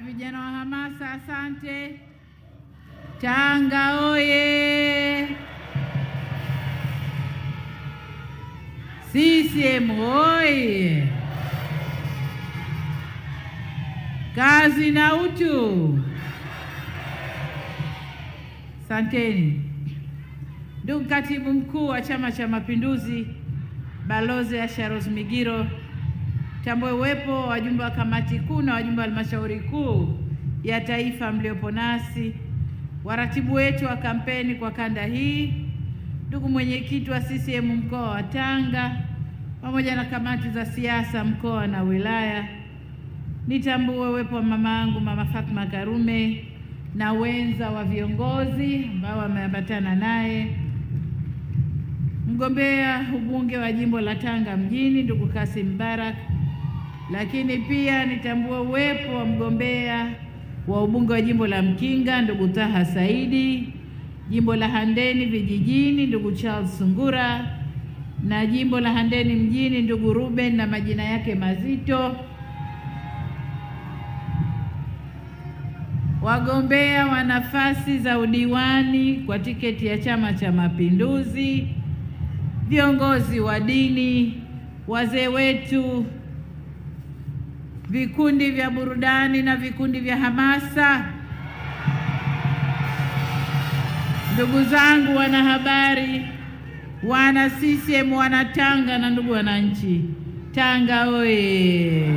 vijana wa hamasa. Asante Tanga oye! CCM oye! Kazi na utu. santeni ndugu katibu mkuu wa Chama cha Mapinduzi Balozi Asha Rose Migiro. Tambue uwepo wa wajumbe wa kamati kuu na wajumbe wa halmashauri kuu ya taifa mliopo nasi, waratibu wetu wa kampeni kwa kanda hii, ndugu mwenyekiti wa CCM mkoa wa Tanga pamoja na kamati za siasa mkoa na wilaya. Nitambue uwepo wa mamangu Mama Fatma Karume na wenza wa viongozi ambao wameambatana naye, mgombea ubunge wa jimbo la Tanga mjini ndugu Kasim Barak lakini pia nitambua uwepo wa mgombea wa ubunge wa jimbo la Mkinga ndugu Taha Saidi, jimbo la Handeni vijijini ndugu Charles Sungura na jimbo la Handeni mjini ndugu Ruben na majina yake mazito. Wagombea wa nafasi za udiwani kwa tiketi ya Chama cha Mapinduzi, viongozi wa dini, wazee wetu vikundi vya burudani na vikundi vya hamasa. Ndugu zangu wanahabari, wana CCM, wana Tanga na ndugu wananchi, Tanga oye!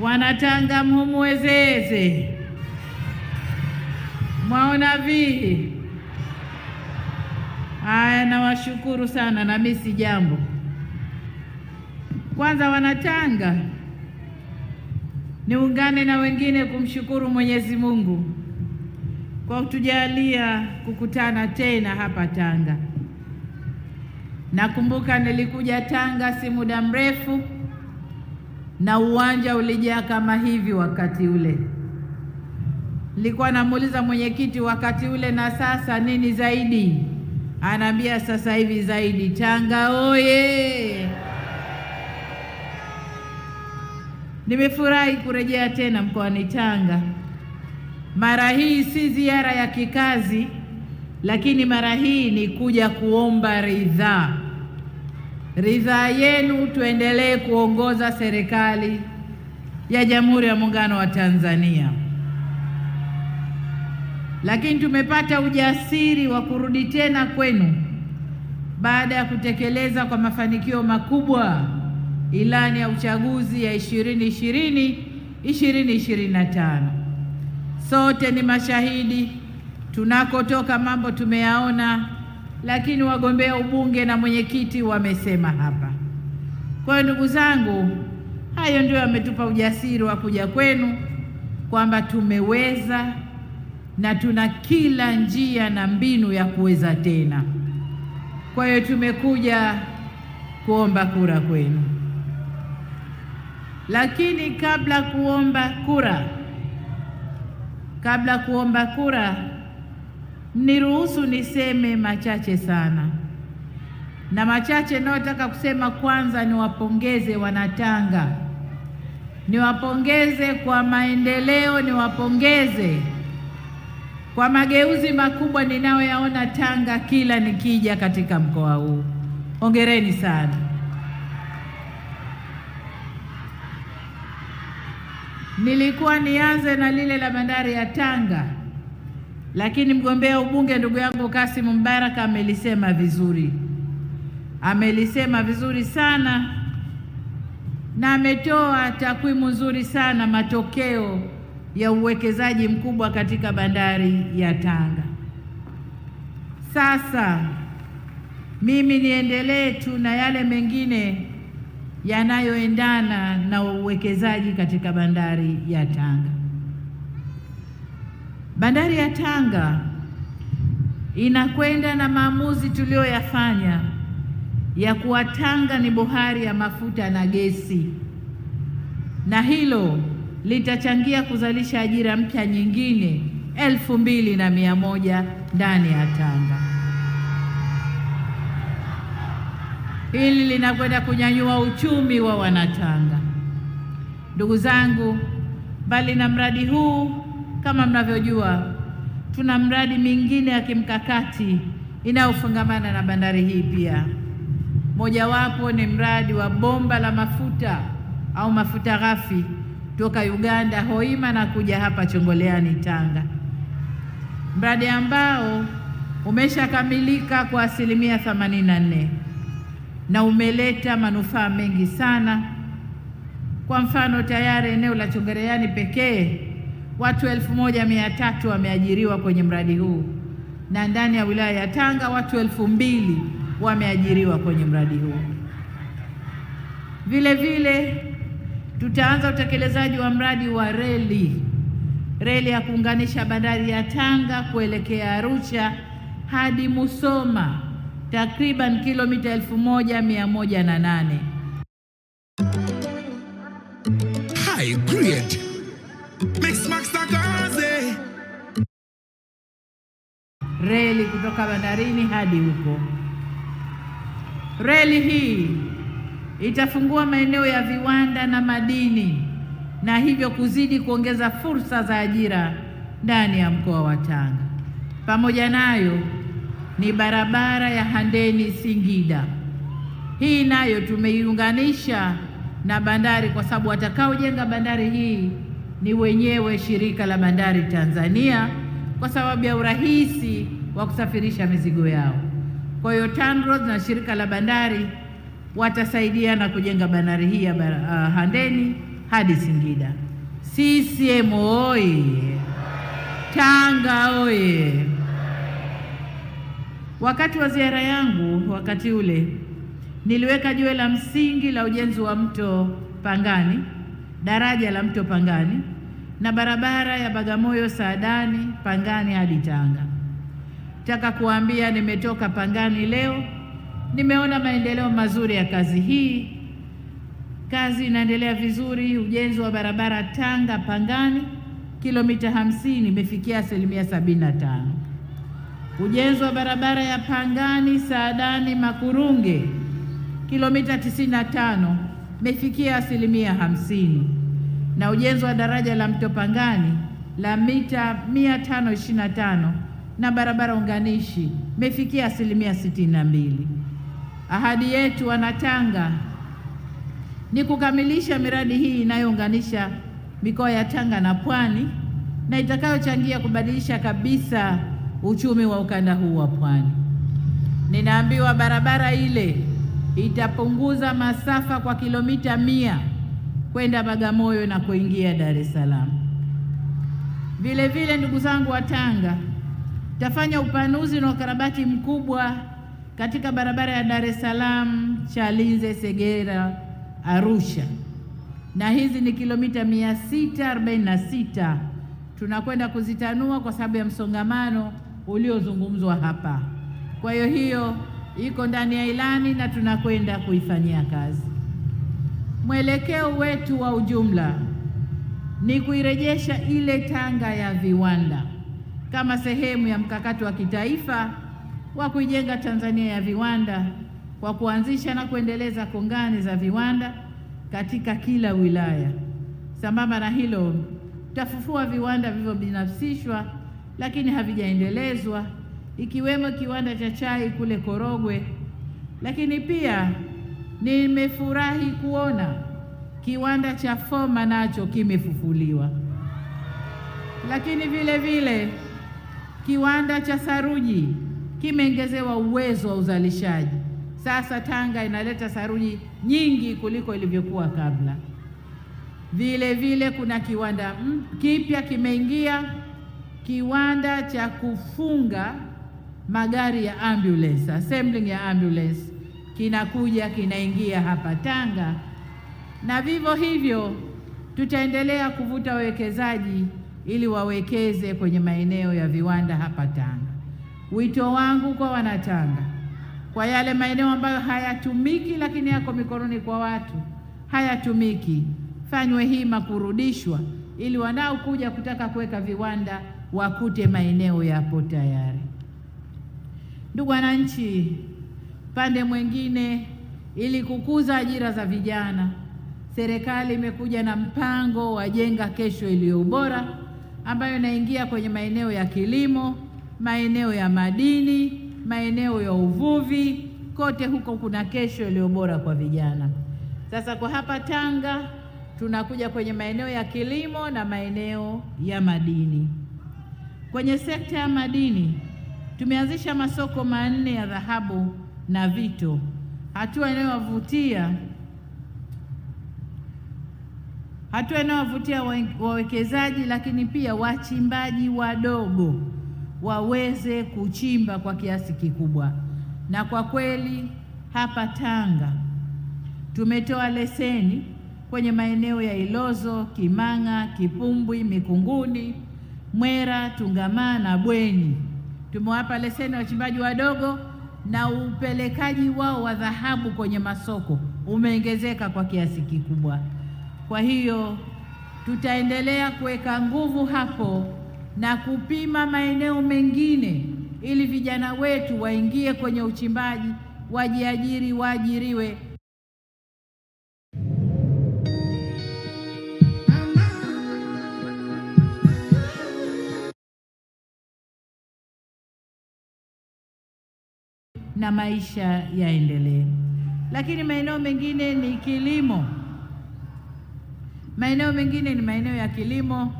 Wanatanga mhumuwezeze, mwaona vii? Haya, nawashukuru sana, na mimi si jambo kwanza, Wanatanga niungane na wengine kumshukuru Mwenyezi Mungu kwa kutujalia kukutana tena hapa Tanga. Nakumbuka nilikuja Tanga si muda mrefu na uwanja ulijaa kama hivi wakati ule. Nilikuwa namuuliza mwenyekiti wakati ule na sasa nini zaidi? Anaambia sasa hivi zaidi Tanga oye! Nimefurahi kurejea tena mkoani Tanga. Mara hii si ziara ya kikazi, lakini mara hii ni kuja kuomba ridhaa, ridhaa yenu tuendelee kuongoza serikali ya Jamhuri ya Muungano wa Tanzania. Lakini tumepata ujasiri wa kurudi tena kwenu baada ya kutekeleza kwa mafanikio makubwa ilani ya uchaguzi ya 2020 2025. Sote ni mashahidi, tunakotoka mambo tumeyaona, lakini wagombea ubunge na mwenyekiti wamesema hapa. Kwa hiyo ndugu zangu, hayo ndio yametupa ujasiri wa kuja kwenu kwamba tumeweza na tuna kila njia na mbinu ya kuweza tena. Kwa hiyo tumekuja kuomba kura kwenu. Lakini kabla kuomba kura, kabla kuomba kura, niruhusu niseme machache sana, na machache nayotaka kusema, kwanza niwapongeze Wanatanga, niwapongeze kwa maendeleo, niwapongeze kwa mageuzi makubwa ninayoyaona Tanga kila nikija katika mkoa huu. Hongereni sana. Nilikuwa nianze na lile la bandari ya Tanga, lakini mgombea ubunge ndugu yangu Kasim Mbaraka amelisema vizuri, amelisema vizuri sana na ametoa takwimu nzuri sana, matokeo ya uwekezaji mkubwa katika bandari ya Tanga. Sasa mimi niendelee tu na yale mengine yanayoendana na uwekezaji katika bandari ya Tanga. Bandari ya Tanga inakwenda na maamuzi tuliyoyafanya ya kuwa Tanga ni bohari ya mafuta na gesi, na hilo litachangia kuzalisha ajira mpya nyingine elfu mbili na mia moja ndani ya Tanga. Hili linakwenda kunyanyua uchumi wa Wanatanga. Ndugu zangu, mbali na mradi huu, kama mnavyojua, tuna mradi mingine ya kimkakati inayofungamana na bandari hii pia. Mojawapo ni mradi wa bomba la mafuta au mafuta ghafi toka Uganda Hoima na kuja hapa Chongoleani Tanga, mradi ambao umeshakamilika kwa asilimia 84 na umeleta manufaa mengi sana. Kwa mfano, tayari eneo la chongereani pekee watu elfu moja mia tatu wameajiriwa kwenye mradi huu na ndani ya wilaya ya Tanga watu elfu mbili wameajiriwa kwenye mradi huu. Vile vile tutaanza utekelezaji wa mradi wa reli, reli ya kuunganisha bandari ya Tanga kuelekea Arusha hadi Musoma takriban kilomita elfu moja mia moja na nane. Reli kutoka bandarini hadi huko. Reli hii itafungua maeneo ya viwanda na madini na hivyo kuzidi kuongeza fursa za ajira ndani ya mkoa wa Tanga. Pamoja nayo ni barabara ya Handeni Singida. Hii nayo tumeiunganisha na bandari kwa sababu watakaojenga bandari hii ni wenyewe shirika la bandari Tanzania kwa sababu ya urahisi wa kusafirisha mizigo yao. Kwa hiyo TANROADS na shirika la bandari watasaidiana kujenga bandari hii ya uh, Handeni hadi Singida. CCM oye! Tanga oye! Wakati wa ziara yangu wakati ule niliweka jiwe la msingi la ujenzi wa mto Pangani, daraja la mto Pangani na barabara ya Bagamoyo Saadani Pangani hadi Tanga. Nataka kuambia nimetoka Pangani leo, nimeona maendeleo mazuri ya kazi hii. Kazi inaendelea vizuri, ujenzi wa barabara Tanga Pangani kilomita hamsini imefikia asilimia 75 ujenzi wa barabara ya Pangani Saadani Makurunge kilomita 95 imefikia asilimia hamsini na ujenzi wa daraja la mto Pangani la mita 525 na barabara unganishi imefikia asilimia mbili Ahadi yetu wanatanga ni kukamilisha miradi hii inayounganisha mikoa ya Tanga na Pwani na itakayochangia kubadilisha kabisa uchumi wa ukanda huu wa Pwani. Ninaambiwa barabara ile itapunguza masafa kwa kilomita mia kwenda Bagamoyo na kuingia Dar es Salaam. Vile vile, ndugu zangu wa Tanga, tafanya upanuzi na ukarabati mkubwa katika barabara ya Dar es Salaam Chalinze Segera Arusha, na hizi ni kilomita 646 tunakwenda kuzitanua kwa sababu ya msongamano uliozungumzwa hapa. Kwa hiyo hiyo iko ndani ya ilani na tunakwenda kuifanyia kazi. Mwelekeo wetu wa ujumla ni kuirejesha ile Tanga ya viwanda kama sehemu ya mkakati wa kitaifa wa kuijenga Tanzania ya viwanda kwa kuanzisha na kuendeleza kongani za viwanda katika kila wilaya. Sambamba na hilo, tutafufua viwanda vilivyobinafsishwa lakini havijaendelezwa, ikiwemo kiwanda cha chai kule Korogwe. Lakini pia nimefurahi kuona kiwanda cha Foma nacho kimefufuliwa, lakini vile vile kiwanda cha saruji kimeongezewa uwezo wa uzalishaji. Sasa Tanga inaleta saruji nyingi kuliko ilivyokuwa kabla. Vile vile kuna kiwanda kipya kimeingia kiwanda cha kufunga magari ya ambulance, assembling ya ambulance kinakuja kinaingia hapa Tanga, na vivyo hivyo tutaendelea kuvuta wawekezaji ili wawekeze kwenye maeneo ya viwanda hapa Tanga. Wito wangu kwa Wanatanga, kwa yale maeneo ambayo hayatumiki lakini yako mikononi kwa watu, hayatumiki, fanywe hima kurudishwa, ili wanaokuja kutaka kuweka viwanda wakute maeneo yapo tayari. Ndugu wananchi, pande mwingine, ili kukuza ajira za vijana, serikali imekuja na mpango wa Jenga Kesho Iliyo Bora, ambayo inaingia kwenye maeneo ya kilimo, maeneo ya madini, maeneo ya uvuvi, kote huko kuna kesho iliyo bora kwa vijana. Sasa kwa hapa Tanga tunakuja kwenye maeneo ya kilimo na maeneo ya madini. Kwenye sekta ya madini tumeanzisha masoko manne ya dhahabu na vito, hatua inayowavutia hatua inayowavutia wawekezaji, lakini pia wachimbaji wadogo waweze kuchimba kwa kiasi kikubwa. Na kwa kweli hapa Tanga tumetoa leseni kwenye maeneo ya Ilozo, Kimang'a, Kipumbwi, Mikunguni Mwera, Tungamaa na Bweni. Tumewapa leseni wachimbaji wadogo na upelekaji wao wa dhahabu kwenye masoko umeongezeka kwa kiasi kikubwa. Kwa hiyo tutaendelea kuweka nguvu hapo na kupima maeneo mengine ili vijana wetu waingie kwenye uchimbaji, wajiajiri, waajiriwe na maisha yaendelee. Lakini maeneo mengine ni kilimo, maeneo mengine ni maeneo ya kilimo,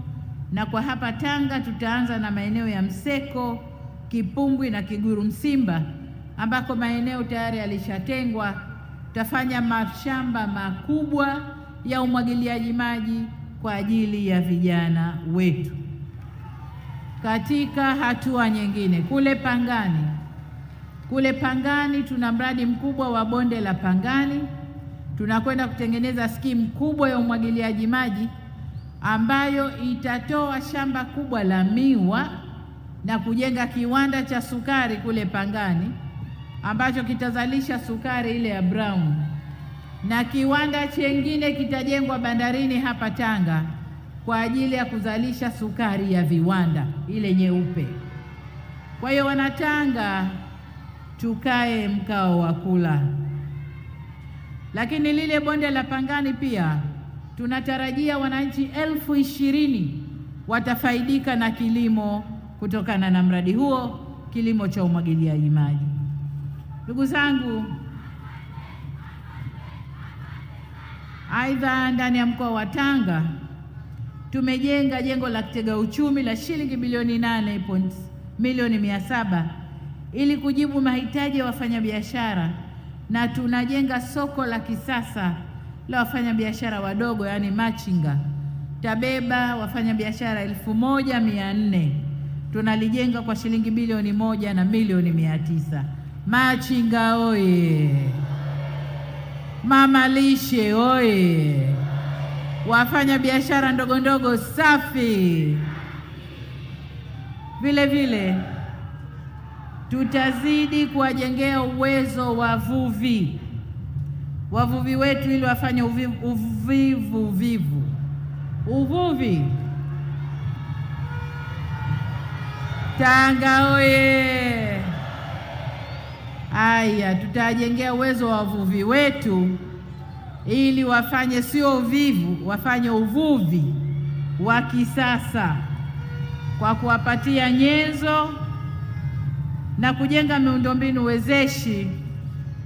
na kwa hapa Tanga tutaanza na maeneo ya Mseko, Kipumbwi na Kiguru Msimba, ambako maeneo tayari yalishatengwa. Tutafanya mashamba makubwa ya umwagiliaji maji kwa ajili ya vijana wetu. Katika hatua nyingine, kule Pangani kule Pangani tuna mradi mkubwa wa bonde la Pangani, tunakwenda kutengeneza skimu kubwa ya umwagiliaji maji ambayo itatoa shamba kubwa la miwa na kujenga kiwanda cha sukari kule Pangani ambacho kitazalisha sukari ile ya brown, na kiwanda chengine kitajengwa bandarini hapa Tanga kwa ajili ya kuzalisha sukari ya viwanda ile nyeupe. Kwa hiyo Wanatanga tukae mkao wa kula. Lakini lile bonde la Pangani pia tunatarajia wananchi elfu ishirini watafaidika na kilimo kutokana na mradi huo, kilimo cha umwagiliaji maji. Ndugu zangu, aidha ndani ya mkoa wa Tanga tumejenga jengo la kitega uchumi la shilingi bilioni nane milioni mia saba ili kujibu mahitaji ya wafanyabiashara, na tunajenga soko la kisasa la wafanyabiashara wadogo, yaani machinga. Tabeba wafanyabiashara elfu moja mia nne tunalijenga kwa shilingi bilioni moja na milioni mia tisa. Machinga oye! Mama lishe oye! Wafanya biashara ndogo ndogo safi! Vile vile tutazidi kuwajengea uwezo wavuvi wavuvi wetu ili wafanye uvivu vivu uvuvi. Tanga oye! aya tutawajengea uwezo wa wavuvi wetu ili wafanye sio uvivu, wafanye uvuvi wa kisasa kwa kuwapatia nyenzo na kujenga miundombinu wezeshi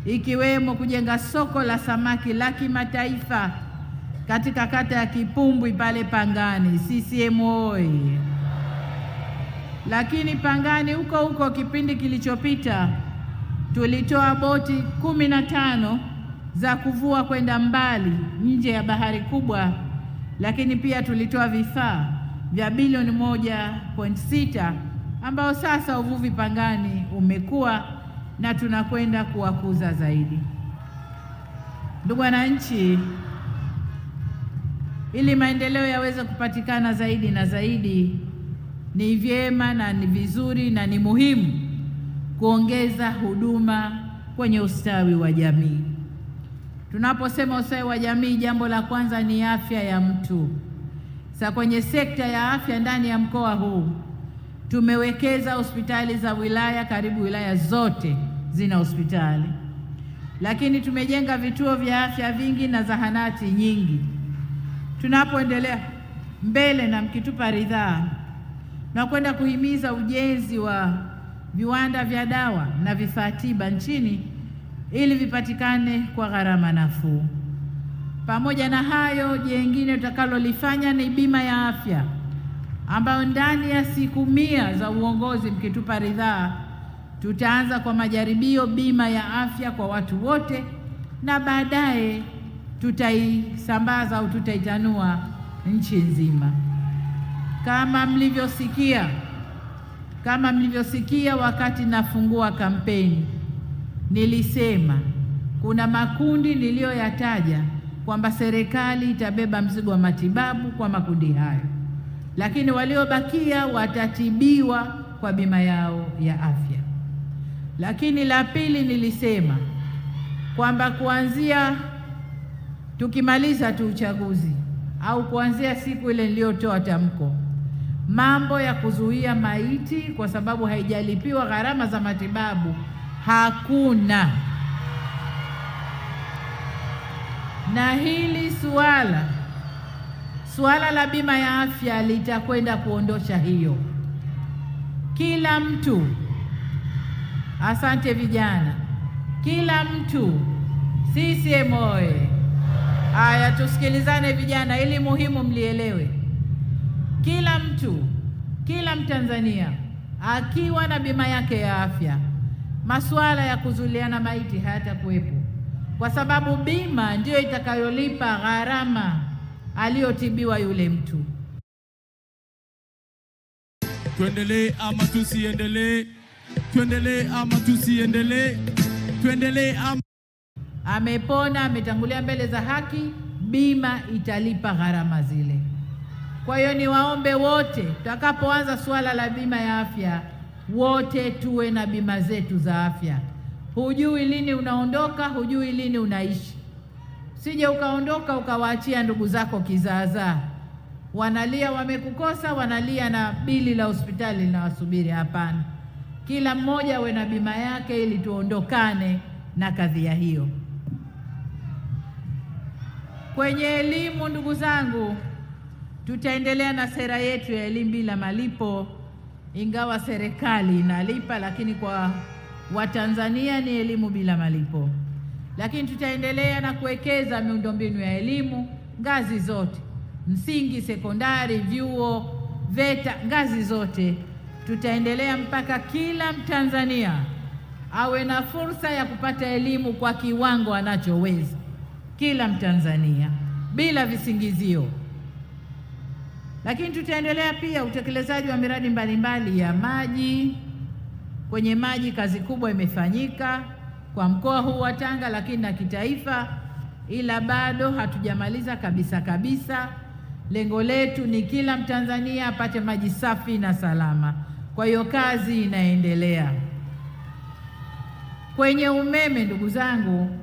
ikiwemo kujenga soko la samaki la kimataifa katika kata ya Kipumbwi pale Pangani. CCM oyee! Lakini Pangani huko huko, kipindi kilichopita tulitoa boti kumi na tano za kuvua kwenda mbali nje ya bahari kubwa, lakini pia tulitoa vifaa vya bilioni moja sita ambao sasa uvuvi Pangani umekuwa na tunakwenda kuwakuza zaidi. Ndugu wananchi, ili maendeleo yaweze kupatikana zaidi na zaidi, ni vyema na ni vizuri na ni muhimu kuongeza huduma kwenye ustawi wa jamii. Tunaposema ustawi wa jamii, jambo la kwanza ni afya ya mtu. Sasa kwenye sekta ya afya ndani ya mkoa huu Tumewekeza hospitali za wilaya, karibu wilaya zote zina hospitali, lakini tumejenga vituo vya afya vingi na zahanati nyingi. Tunapoendelea mbele na mkitupa ridhaa na kwenda kuhimiza ujenzi wa viwanda vya dawa na vifaa tiba nchini ili vipatikane kwa gharama nafuu. Pamoja na hayo, jengine tutakalolifanya ni bima ya afya ambayo ndani ya siku mia za uongozi mkitupa ridhaa, tutaanza kwa majaribio bima ya afya kwa watu wote, na baadaye tutaisambaza au tutaitanua nchi nzima. Kama mlivyosikia, kama mlivyosikia wakati nafungua kampeni, nilisema kuna makundi niliyoyataja kwamba serikali itabeba mzigo wa matibabu kwa makundi hayo lakini waliobakia watatibiwa kwa bima yao ya afya. Lakini la pili nilisema kwamba kuanzia tukimaliza tu uchaguzi au kuanzia siku ile niliyotoa tamko, mambo ya kuzuia maiti kwa sababu haijalipiwa gharama za matibabu hakuna. Na hili suala Suala la bima ya afya litakwenda kuondosha hiyo. Kila mtu, asante vijana, kila mtu. CCM oye! Haya, tusikilizane vijana, ili muhimu mlielewe. Kila mtu, kila Mtanzania akiwa na bima yake ya afya, masuala ya kuzuliana maiti hayatakuwepo, kwa sababu bima ndiyo itakayolipa gharama aliyotibiwa yule mtu. Tuendelee ama tusiendelee? Tuendelee ama tusiendelee? Tuendelee ama... Amepona, ametangulia mbele za haki, bima italipa gharama zile. Kwa hiyo niwaombe wote, tutakapoanza suala la bima ya afya, wote tuwe na bima zetu za afya. Hujui lini unaondoka, hujui lini unaishi. Sije ukaondoka ukawaachia ndugu zako kizaazaa, wanalia wamekukosa, wanalia na bili la hospitali linawasubiri. Hapana, kila mmoja awe na bima yake ili tuondokane na kadhia hiyo. Kwenye elimu, ndugu zangu, tutaendelea na sera yetu ya elimu bila malipo, ingawa serikali inalipa, lakini kwa Watanzania ni elimu bila malipo lakini tutaendelea na kuwekeza miundombinu ya elimu ngazi zote, msingi, sekondari, vyuo, VETA, ngazi zote. Tutaendelea mpaka kila Mtanzania awe na fursa ya kupata elimu kwa kiwango anachoweza, kila Mtanzania bila visingizio. Lakini tutaendelea pia utekelezaji wa miradi mbalimbali mbali ya maji. Kwenye maji kazi kubwa imefanyika kwa mkoa huu wa Tanga, lakini na kitaifa, ila bado hatujamaliza kabisa kabisa. Lengo letu ni kila Mtanzania apate maji safi na salama. Kwa hiyo kazi inaendelea. Kwenye umeme, ndugu zangu,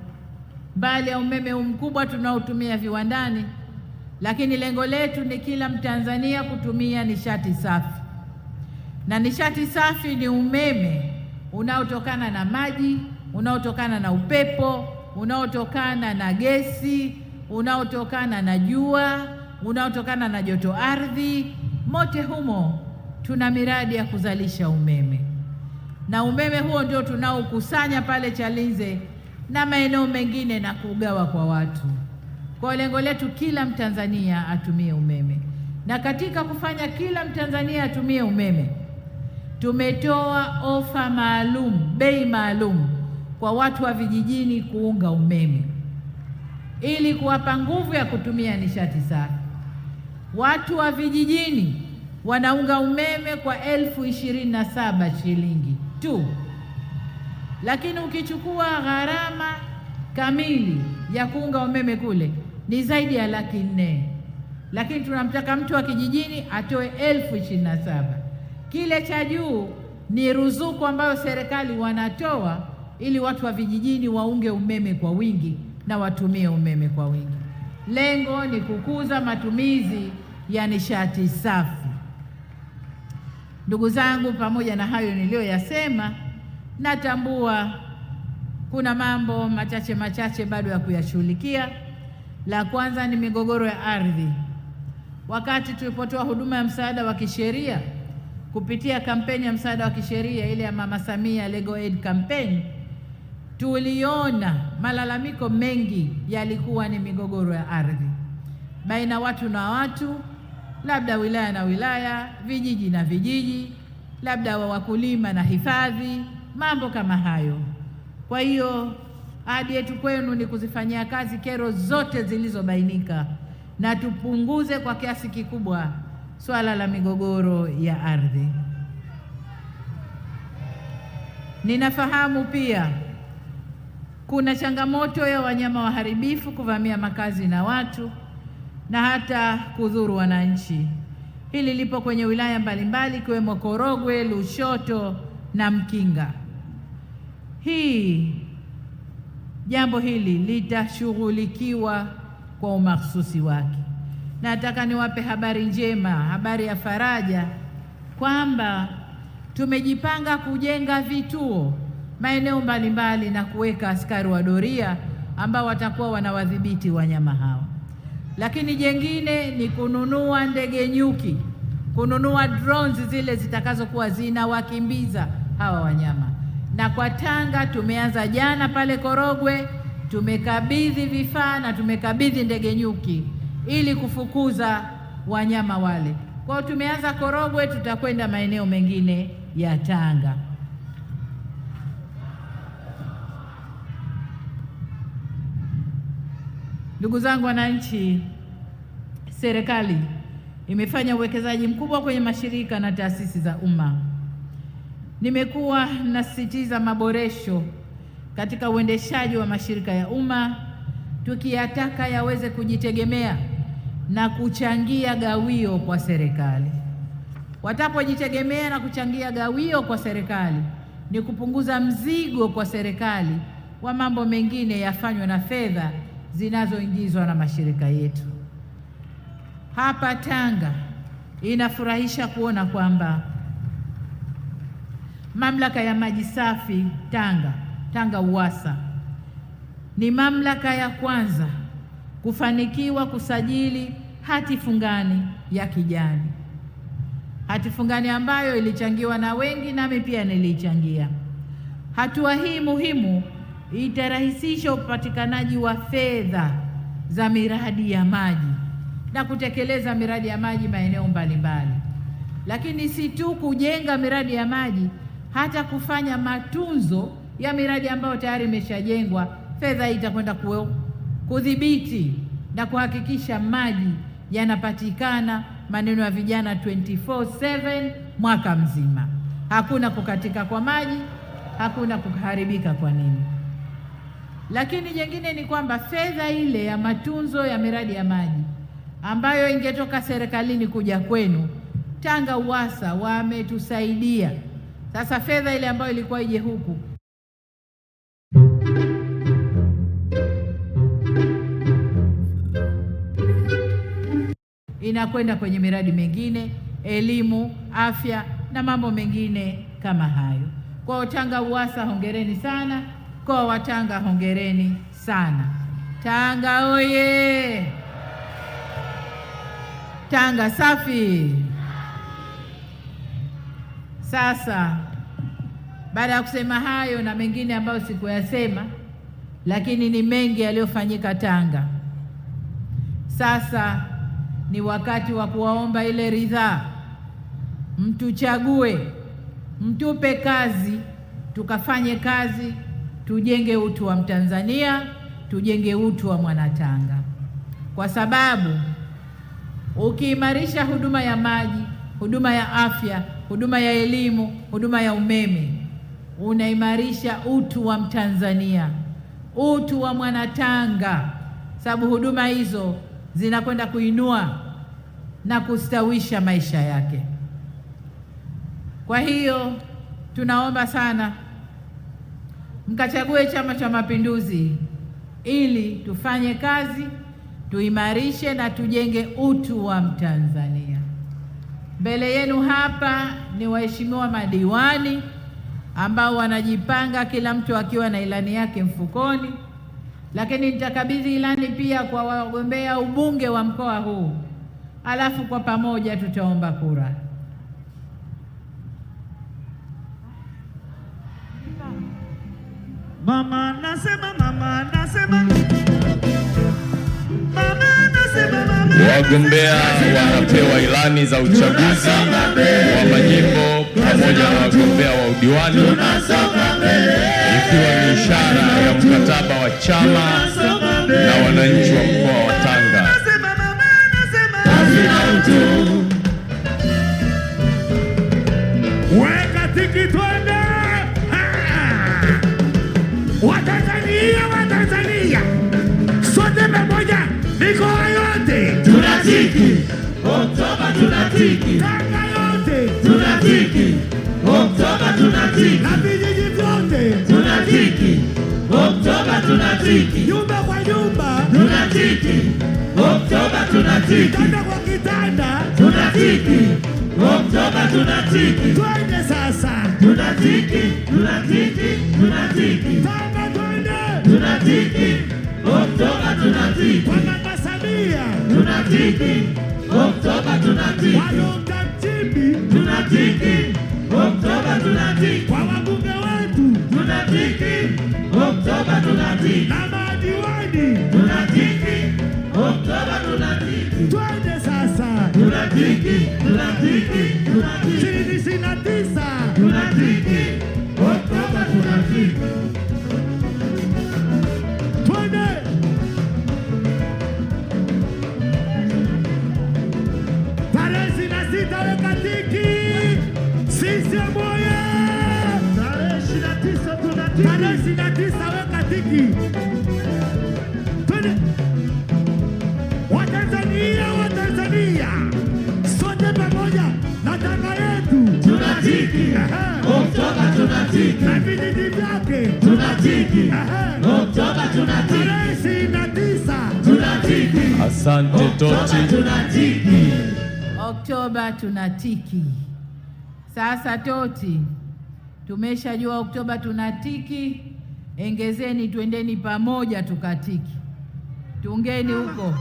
mbali ya umeme huu mkubwa tunaotumia viwandani, lakini lengo letu ni kila Mtanzania kutumia nishati safi, na nishati safi ni umeme unaotokana na maji unaotokana na upepo, unaotokana na gesi, unaotokana na jua, unaotokana na joto ardhi, mote humo tuna miradi ya kuzalisha umeme, na umeme huo ndio tunaokusanya pale Chalinze na maeneo mengine na kugawa kwa watu. Kwa lengo letu kila Mtanzania atumie umeme, na katika kufanya kila Mtanzania atumie umeme tumetoa ofa maalum, bei maalum kwa watu wa vijijini kuunga umeme ili kuwapa nguvu ya kutumia nishati safi. Watu wa vijijini wanaunga umeme kwa elfu ishirini na saba shilingi tu, lakini ukichukua gharama kamili ya kuunga umeme kule ni zaidi ya laki nne, lakini tunamtaka mtu wa kijijini atoe elfu ishirini na saba. Kile cha juu ni ruzuku ambayo serikali wanatoa ili watu wa vijijini waunge umeme kwa wingi na watumie umeme kwa wingi. Lengo ni kukuza matumizi ya nishati safi. Ndugu zangu, pamoja na hayo niliyoyasema, natambua kuna mambo machache machache bado ya kuyashughulikia. La kwanza ni migogoro ya ardhi. Wakati tulipotoa huduma ya msaada wa kisheria kupitia kampeni ya msaada wa kisheria ile ya Mama Samia Legal Aid Campaign tuliona malalamiko mengi yalikuwa ni migogoro ya ardhi baina watu na watu, labda wilaya na wilaya, vijiji na vijiji, labda wa wakulima na hifadhi, mambo kama hayo. Kwa hiyo ahadi yetu kwenu ni kuzifanyia kazi kero zote zilizobainika na tupunguze kwa kiasi kikubwa swala la migogoro ya ardhi. Ninafahamu pia kuna changamoto ya wanyama waharibifu kuvamia makazi na watu na hata kudhuru wananchi. Hili lipo kwenye wilaya mbalimbali ikiwemo Korogwe, Lushoto na Mkinga. Hii jambo hili litashughulikiwa kwa umahsusi wake. Nataka niwape habari njema, habari ya faraja kwamba tumejipanga kujenga vituo maeneo mbalimbali na kuweka askari wa doria ambao watakuwa wanawadhibiti wanyama hawa. Lakini jengine ni kununua ndege nyuki, kununua drones zile zitakazokuwa zinawakimbiza hawa wanyama. Na kwa Tanga tumeanza jana pale Korogwe, tumekabidhi vifaa na tumekabidhi ndege nyuki ili kufukuza wanyama wale. Kwa tumeanza Korogwe, tutakwenda maeneo mengine ya Tanga. Ndugu zangu wananchi, serikali imefanya uwekezaji mkubwa kwenye mashirika na taasisi za umma. Nimekuwa nasisitiza maboresho katika uendeshaji wa mashirika ya umma, tukiyataka yaweze kujitegemea na kuchangia gawio kwa serikali. Watapojitegemea na kuchangia gawio kwa serikali, ni kupunguza mzigo kwa serikali wa mambo mengine yafanywe na fedha zinazoingizwa na mashirika yetu hapa Tanga. Inafurahisha kuona kwamba mamlaka ya maji safi Tanga, Tanga UWASA ni mamlaka ya kwanza kufanikiwa kusajili hati fungani ya kijani, hati fungani ambayo ilichangiwa na wengi, nami pia nilichangia hatua hii muhimu itarahisisha upatikanaji wa fedha za miradi ya maji na kutekeleza miradi ya maji maeneo mbalimbali. Lakini si tu kujenga miradi ya maji, hata kufanya matunzo ya miradi ambayo tayari imeshajengwa. Fedha hii itakwenda kudhibiti na kuhakikisha maji yanapatikana, maneno ya vijana 24/7 mwaka mzima. Hakuna kukatika kwa maji, hakuna kuharibika kwa nini lakini jengine ni kwamba fedha ile ya matunzo ya miradi ya maji ambayo ingetoka serikalini kuja kwenu, Tanga Uwasa wametusaidia. Sasa fedha ile ambayo ilikuwa ije huku inakwenda kwenye miradi mingine, elimu, afya na mambo mengine kama hayo. Kwa Tanga Uwasa, hongereni sana. Mkoa wa Tanga hongereni sana. Tanga oye! Tanga safi! Sasa baada ya kusema hayo na mengine ambayo sikuyasema, lakini ni mengi yaliyofanyika Tanga, sasa ni wakati wa kuwaomba ile ridhaa, mtuchague, mtupe kazi tukafanye kazi tujenge utu wa Mtanzania, tujenge utu wa Mwanatanga, kwa sababu ukiimarisha huduma ya maji, huduma ya afya, huduma ya elimu, huduma ya umeme, unaimarisha utu wa Mtanzania, utu wa Mwanatanga, sababu huduma hizo zinakwenda kuinua na kustawisha maisha yake. Kwa hiyo tunaomba sana mkachague Chama cha Mapinduzi ili tufanye kazi, tuimarishe na tujenge utu wa Mtanzania. Mbele yenu hapa ni waheshimiwa madiwani ambao wanajipanga kila mtu akiwa na ilani yake mfukoni, lakini nitakabidhi ilani pia kwa wagombea ubunge wa mkoa huu, alafu kwa pamoja tutaomba kura. Mama nasema, mama nasema, mama nasema, mama wagombea wanapewa ilani za uchaguzi wa majimbo pamoja na wagombea wa udiwani, ikiwa ni ishara ya mkataba wa chama na wananchi wa mkoa. tiki Oktoba tuna tiki tuna tiki Oktoba tuna tiki na vijiji vyote tuna tiki Oktoba tuna tiki nyumba kwa nyumba tuna tiki Oktoba tuna tiki kitanda kwa kitanda tuna tiki Oktoba tuna tiki twende sasa, tuna tiki tuna tiki tunatiki, twende, tuna tiki Oktoba tuna tiki tunatiki Oktoba tunatiki wajumbe mchimbi tunatiki Oktoba tunatiki kwa wabunge wetu tunatiki Oktoba tunatiki na madiwani tunatiki Oktoba tunatiki twende sasa tunatiki tunatiki tunatiki ishirini na tisa tunatiki Tarehe ishirini na tisa weka tiki. Twende Watanzania, Watanzania sote pamoja na Tanga yetu tunatiki, Oktoba tunatiki, na vijiji vyake tunatiki, Oktoba tunatiki, tarehe ishirini na tisa tunatiki. Asante Toti, tunatiki Oktoba tunatiki. Sasa Toti Tumeshajua Oktoba tunatiki, engezeni, twendeni pamoja tukatiki. Tungeni huko,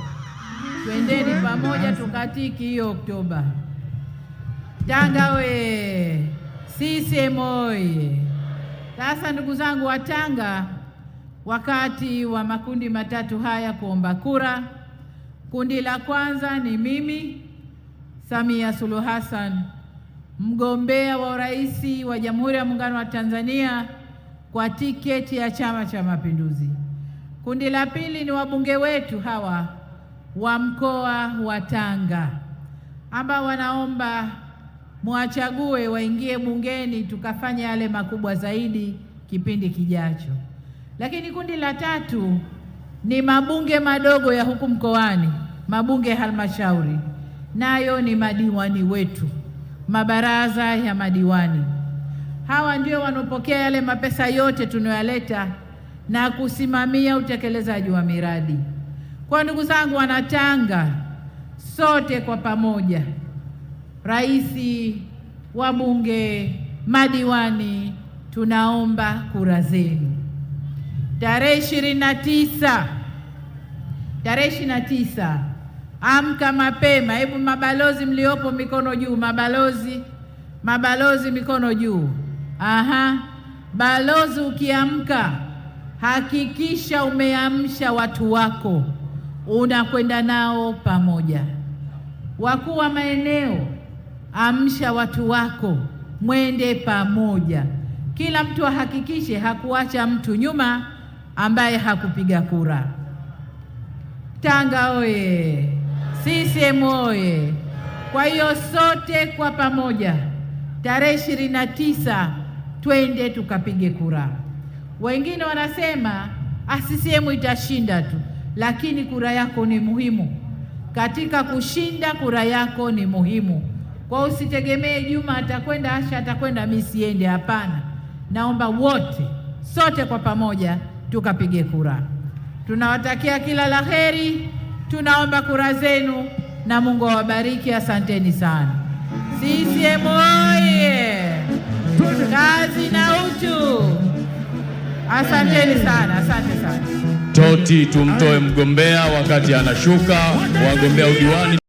twendeni pamoja tukatiki hiyo Oktoba. Tanga we CCM oye! Sasa ndugu zangu wa Tanga, wakati wa makundi matatu haya kuomba kura. Kundi la kwanza ni mimi Samia Suluhu Hassan mgombea wa urais wa Jamhuri ya Muungano wa Tanzania kwa tiketi ya Chama cha Mapinduzi. Kundi la pili ni wabunge wetu hawa wa mkoa wa Tanga ambao wanaomba mwachague waingie bungeni tukafanya yale makubwa zaidi kipindi kijacho. Lakini kundi la tatu ni mabunge madogo ya huku mkoani, mabunge halmashauri, nayo ni madiwani wetu mabaraza ya madiwani. Hawa ndio wanaopokea yale mapesa yote tunayoyaleta na kusimamia utekelezaji wa miradi. Kwa ndugu zangu Wanatanga, sote kwa pamoja, rais, wabunge, madiwani, tunaomba kura zenu tarehe ishirini na tisa tarehe ishirini na tisa Amka mapema. Hebu mabalozi mliopo mikono juu, mabalozi, mabalozi mikono juu. Aha, balozi, ukiamka hakikisha umeamsha watu wako, unakwenda nao pamoja. Wakuu wa maeneo, amsha watu wako, mwende pamoja. Kila mtu ahakikishe hakuacha mtu nyuma ambaye hakupiga kura. Tanga oye! CCM oye! Kwa hiyo sote kwa pamoja tarehe ishirini na tisa twende tukapige kura. Wengine wanasema CCM ah, itashinda tu, lakini kura yako ni muhimu katika kushinda. Kura yako ni muhimu kwa, usitegemee Juma atakwenda, Asha atakwenda, mimi siende. Hapana, naomba wote sote kwa pamoja tukapige kura. Tunawatakia kila laheri. Tunaomba kura zenu na Mungu awabariki. Asanteni sana. CCM oye! Kazi na utu. Asanteni sana, asante sana. Toti tumtoe mgombea wakati anashuka, wagombea udiwani